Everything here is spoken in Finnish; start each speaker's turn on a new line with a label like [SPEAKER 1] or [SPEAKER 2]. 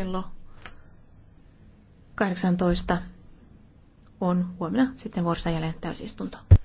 [SPEAKER 1] kello 18 on huomenna sitten vuorossa jälleen täysistunto.